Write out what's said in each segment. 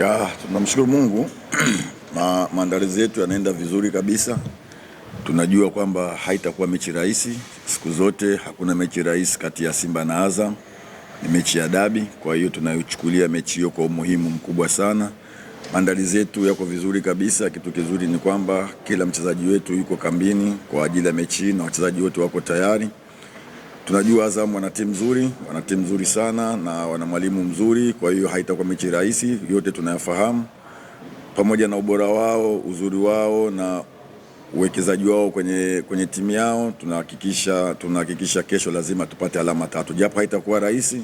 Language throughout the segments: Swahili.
Ya, tunamshukuru Mungu Ma, maandalizi yetu yanaenda vizuri kabisa. Tunajua kwamba haitakuwa mechi rahisi siku zote, hakuna mechi rahisi kati ya Simba na Azam, ni mechi ya dabi. Kwa hiyo tunayochukulia mechi hiyo kwa umuhimu mkubwa sana. Maandalizi yetu yako vizuri kabisa. Kitu kizuri ni kwamba kila mchezaji wetu yuko kambini kwa ajili ya mechi hii na wachezaji wote wako tayari. Tunajua Azam wana timu nzuri, wana timu nzuri sana na wana mwalimu mzuri, kwa hiyo haitakuwa mechi rahisi, yote tunayafahamu, pamoja na ubora wao, uzuri wao na uwekezaji wao kwenye, kwenye timu yao. Tunahakikisha tunahakikisha kesho lazima tupate alama tatu, japo haitakuwa rahisi,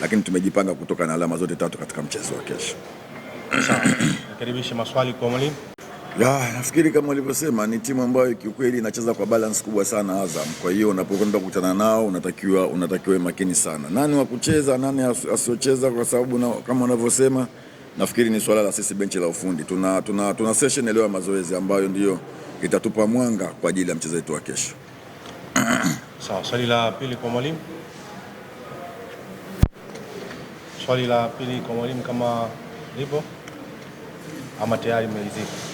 lakini tumejipanga kutoka na alama zote tatu katika mchezo wa kesho. Nakaribisha maswali kwa mwalimu. Ya, nafikiri kama ulivyosema ni timu ambayo kiukweli inacheza kwa balance kubwa sana Azam. Kwa hiyo unapokwenda kukutana nao unatakiwa unatakiwa makini sana. Nani wa kucheza, nani asiocheza kwa sababu na, kama unavyosema nafikiri ni swala la sisi benchi la ufundi. Tuna tuna, tuna session leo ya mazoezi ambayo ndiyo itatupa mwanga kwa ajili ya mchezo wetu wa kesho. Sawa, swali la pili kwa mwalimu. Swali la pili kwa mwalimu kama lipo ama tayari mmeizika?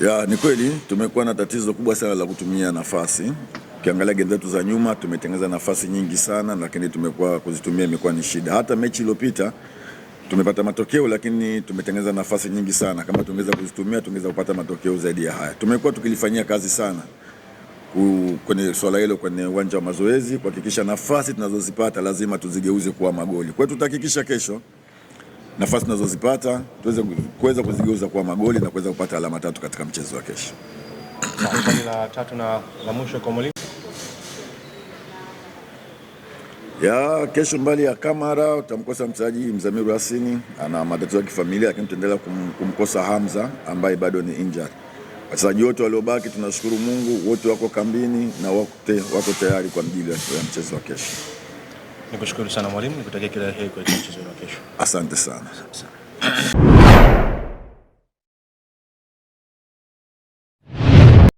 Ya, ni kweli tumekuwa na tatizo kubwa sana la kutumia nafasi. Ukiangalia game zetu za nyuma tumetengeneza nafasi nyingi sana, lakini tumekuwa kuzitumia imekuwa ni shida. Hata mechi iliyopita tumepata matokeo, lakini tumetengeneza nafasi nyingi sana. Kama tungeweza kuzitumia tungeweza kupata matokeo zaidi ya haya. Tumekuwa tukilifanyia kazi sana kwenye swala hilo kwenye uwanja wa mazoezi kuhakikisha nafasi tunazozipata lazima tuzigeuze kuwa magoli. Kwa hiyo tutahakikisha kesho nafasi tunazozipata tuweze kuweza kuzigeuza kuwa magoli na kuweza kupata alama tatu katika mchezo wa kesho. ya kesho, mbali ya Kamara utamkosa mchezaji Mzamiru Hasini, ana matatizo ya kifamilia, lakini tutaendelea kum, kumkosa Hamza ambaye bado ni injured. Wachezaji wote waliobaki tunashukuru Mungu, wote wako kambini na wote wako tayari kwa mjili ya mchezo wa kesho. Nikushukuru sana mwalimu, nikutakia kila heri kwa mchezo wa kesho. Asante sana. Asante sana.